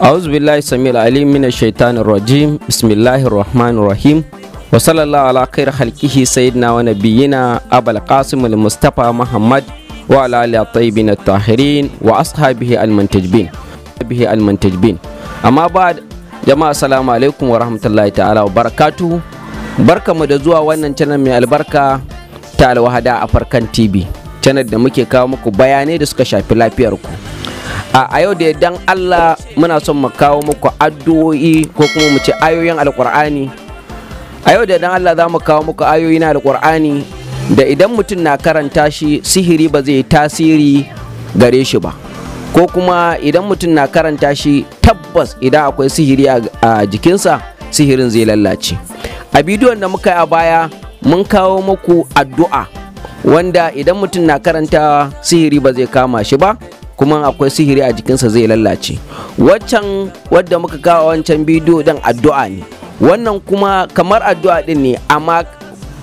أعوذ بالله السميع العليم من الشيطان الرجيم بسم الله الرحمن الرحيم وصلى الله على خير خلقه سيدنا ونبينا أبا القاسم المصطفى محمد وعلى آله الطيبين الطاهرين وأصحابه المنتجبين به المنتجبين amma ba jama'a salamu alaikum wa rahmatullahi ta'ala wa barakatu mu da zuwa wannan canar mai albarka ta alwahada a farkan tv canar da muke kawo muku bayanai da suka shafi lafiyar ku a yau da dan Allah muna son mu kawo muku addu'o'i ko kuma mu ce ayoyin alkur'ani a yau da dan Allah za mu kawo muku ayoyi na alkur'ani da idan mutum na karanta shi sihiri ba zai tasiri gare shi ba ko kuma idan mutum na karanta shi tabbas idan akwai sihiri a jikinsa sihirin zai lallace a bidiyon da muka yi a baya mun kawo muku addu'a wanda idan mutum na karanta sihiri ba zai kama shi ba kuma akwai sihiri a jikinsa zai lallace waccan wadda muka kawo wancan bidiyo don addu'a ne wannan kuma kamar addu'a din ne amma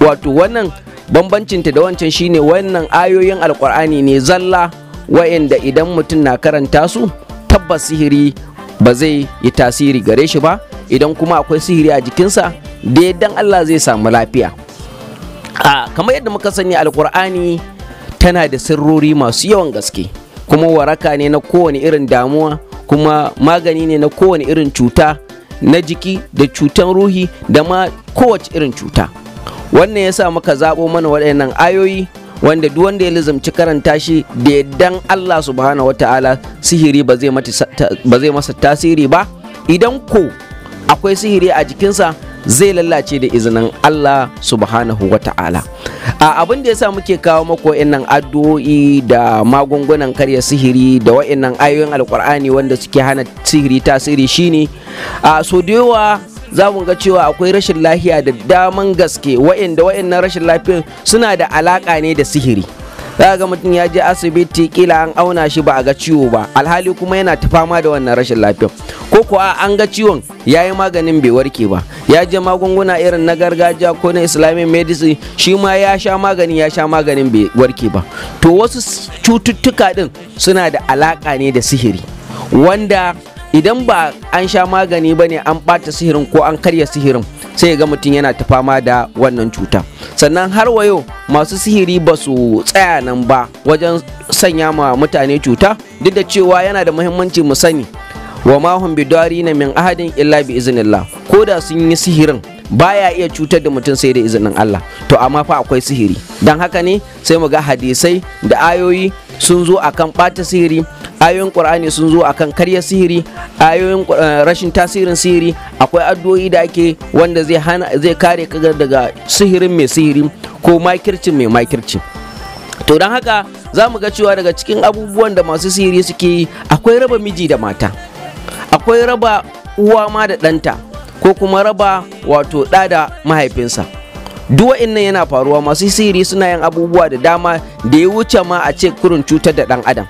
wato wannan bambancinta da wancan shine wannan ayoyin alkur'ani ne zalla wa'inda idan mutum na karanta su tabbas sihiri ba zai yi tasiri gare shi ba idan kuma akwai sihiri a jikinsa da yaddan Allah zai samu lafiya a kamar yadda muka sani alkur'ani tana da sirrori masu yawan gaske kuma waraka ne na kowane irin damuwa kuma magani ne na kowane irin cuta na jiki da cutan ruhi da ma kowace irin cuta wannan ya sa muka zaɓo mana waɗannan ayoyi wanda duk wanda ya lizamci karanta shi da yaddan Allah subhanahu wataala sihiri ba zai masa tasiri ba idan ko akwai sihiri a jikinsa zai lalace da izinin Allah subhanahu wataala a abin da yasa muke kawo mako nan addu'o'i da magungunan karya sihiri da wa'annan ayoyin alkur'ani wanda suke hana sihiri tasiri shine a so da yawa za mu ga cewa akwai rashin lafiya da daman gaske wa'inda wa'innan rashin lafiyar suna da alaka ne da sihiri za ga mutum ya je asibiti kila an auna shi ba a ga ciwo ba alhali kuma yana ta fama da wannan rashin lafiyar ko kuwa an ga ciwon ya yi maganin bai warke ba ya je magunguna irin na gargajiya ko na islamic medicine shi ma ya sha magani ya sha maganin bai warke ba to wasu cututtuka din suna da alaka ne da sihiri wanda idan ba an sha magani ba ne an ɓata sihirin ko an karya sihirin sai ga mutum yana ta fama da wannan cuta sannan har wayo masu sihiri ba su tsaya nan ba wajen sanya ma mutane cuta duk da cewa yana da muhimmanci mu sani wa ma hum na min ahadin illa bi izinillah. ko da sun yi sihirin baya iya cutar da mutum sai da izinin Allah to amma fa akwai sihiri dan haka ne sai mu ga hadisai da ayoyi sun zo akan ɓata sihiri ayoyin ƙur'ani sun zo akan karya sihiri ayoyin eh, rashin tasirin sihiri akwai addu'o'i da ake wanda zai hana zai kare ka daga sihirin mai sihiri ko makircin mai makirci to don haka za mu ga cewa daga cikin abubuwan da masu sihiri suke yi akwai raba miji da mata akwai raba uwa ma da ɗanta ko kuma raba wato ɗa da mahaifinsa duk nan yana faruwa masu sihiri suna yin abubuwa da dama da ya wuce ma a ce kurin cutar da ɗan adam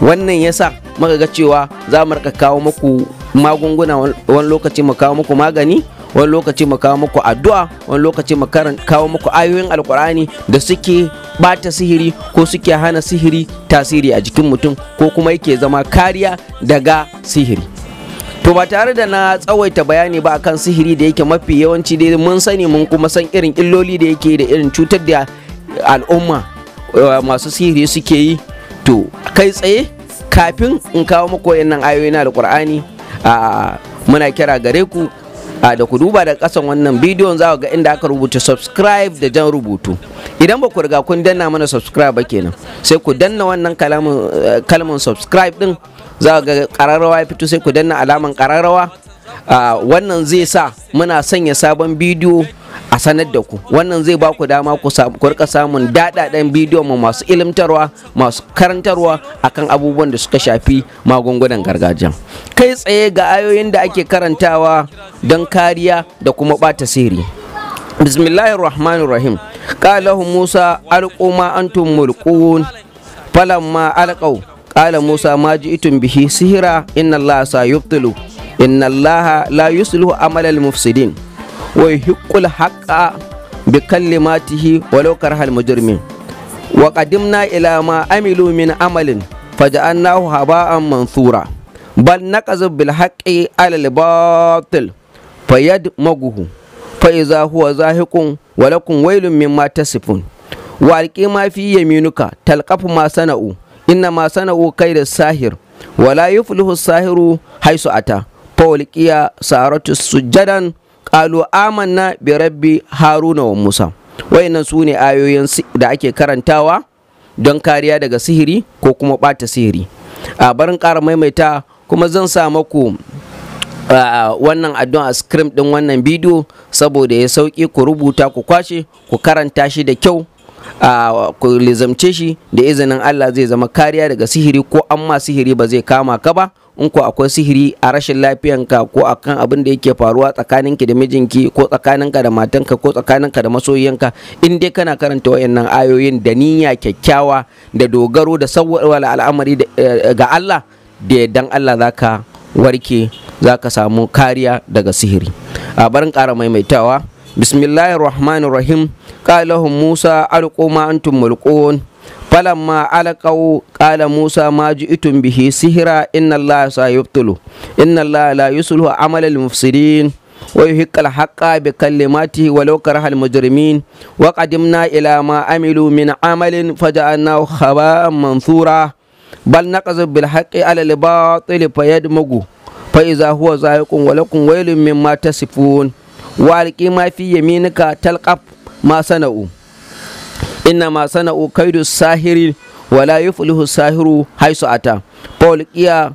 wannan yasa muka ga cewa za mu rika kawo muku magunguna wani lokaci mu kawo muku magani wani lokaci mu kawo muku addu'a wani lokaci mu kawo muku ayoyin alkur'ani da suke bata sihiri ko suke hana sihiri tasiri a jikin mutum ko kuma yake zama kariya daga sihiri to ba tare da na tsawaita bayani ba akan sihiri da yake mafi yawanci dai mun sani mun kuma san irin illoli da yake da irin cutar da al'umma eh, masu sihiri suke yi to kai tsaye kafin in kawo muku wayannan ayoyi na alqur'ani a muna kira gare ku da ku duba da kasan wannan bidiyon za ga inda aka rubuta subscribe da jan rubutu idan ba ku riga kun danna mana subscribe ba kenan sai ku danna wannan kalmin subscribe din za ga kararrawa ya fito sai ku danna alamar kararrawa wannan zai sa muna sanya sabon bidiyo a sanar da ku wannan zai ba ku dama ku rika samun daɗaɗen bidiyon mu masu ilimtarwa masu karantarwa akan abubuwan da suka shafi magungunan gargajiya kai tsaye ga ayoyin da ake karantawa don kariya da kuma bata sirri bismillahirrahmanirrahim qalahu musa alquma antum mulqun falamma alqau qala musa ma ji'tum bihi sihira inna allaha sayubtilu inna allaha la yuslihu amalal mufsidin wai yuhiqqul haqqa bi kalimatihi walau karhal mujrimin wa qadimna ila ma amilu min amalin faja'alnahu haba'an mansura bal naqazu bil haqqi alal batil fayadmaguhu fa idza huwa zahiqun wa lakum wailun mimma tasifun wa alqi ma fi yaminuka talqafu ma sana'u inna ma sana'u da sahir wa la yuflihu sahiru haisu ata fa ulqiya saratu sujadan qalu amanna bi rabbi haruna wa musa wayannan su ne ayoyin da ake karantawa don kariya daga sihiri ko kuma bata sihiri a barin ƙara maimaita kuma zan sa maku wannan addu'a a scrim ɗin wannan bidiyo saboda ya sauki ku rubuta ku kwashe ku karanta shi da kyau a ku lizamce shi da izinin allah zai zama kariya daga sihiri ko amma sihiri ba zai kama ka ba in ko akwai sihiri a rashin lafiyanka ko akan abin da yake faruwa tsakaninki da mijinki ko tsakaninka da matanka ko tsakaninka da masoyinka in dai kana karanta wayannan ayoyin da niyya kyakkyawa da dogaro da sawwal al'amari eh, ga Allah da dan Allah zaka warke zaka samu kariya daga sihiri a barin ƙara maimaitawa bismillahir rahmanir rahim qalahum musa alquma antum mulqun falamma alaƙau qala musa ma ji'tum bihi sihra inna allaha sayubtilu inna allaha la yuslihu amal al mufsidin wa yuhiqqal haqqa bi law karaha al mujrimin wa qadimna ila ma amilu min amalin faja'alnahu khaba'an mansura bal naqazu bil haqqi ala al batil fayadmugu fa iza huwa zaiqun wa lakum waylun mimma tasifun wa alqi ma fi yaminika talqaf ma sana'u inna ma sana'u kaidu sahiri wala yufluhu sahiru haisu ata paul kiya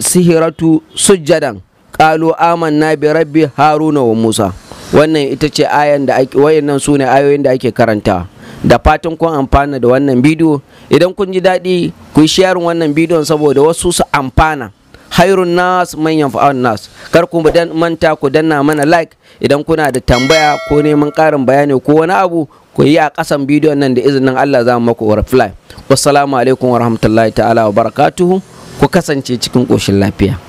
sihiratu sujjadan qalu amanna bi rabbi haruna wa musa wannan ita ce ayan da ake wayannan sune ayoyin da ake karanta da fatan kun amfana da wannan bidiyo idan kun ji daɗi ku yi wannan bidiyon saboda wasu su amfana hairun nas manyan fa'an nas kar ku manta ku danna mana like idan kuna da tambaya ko neman ƙarin bayani ko wani abu ku yi a kasan bidiyon nan da izinin Allah za mu maku reply wassalamu alaikum wa rahmatullahi ta'ala wa barakatuhu ku kasance cikin ƙoshin lafiya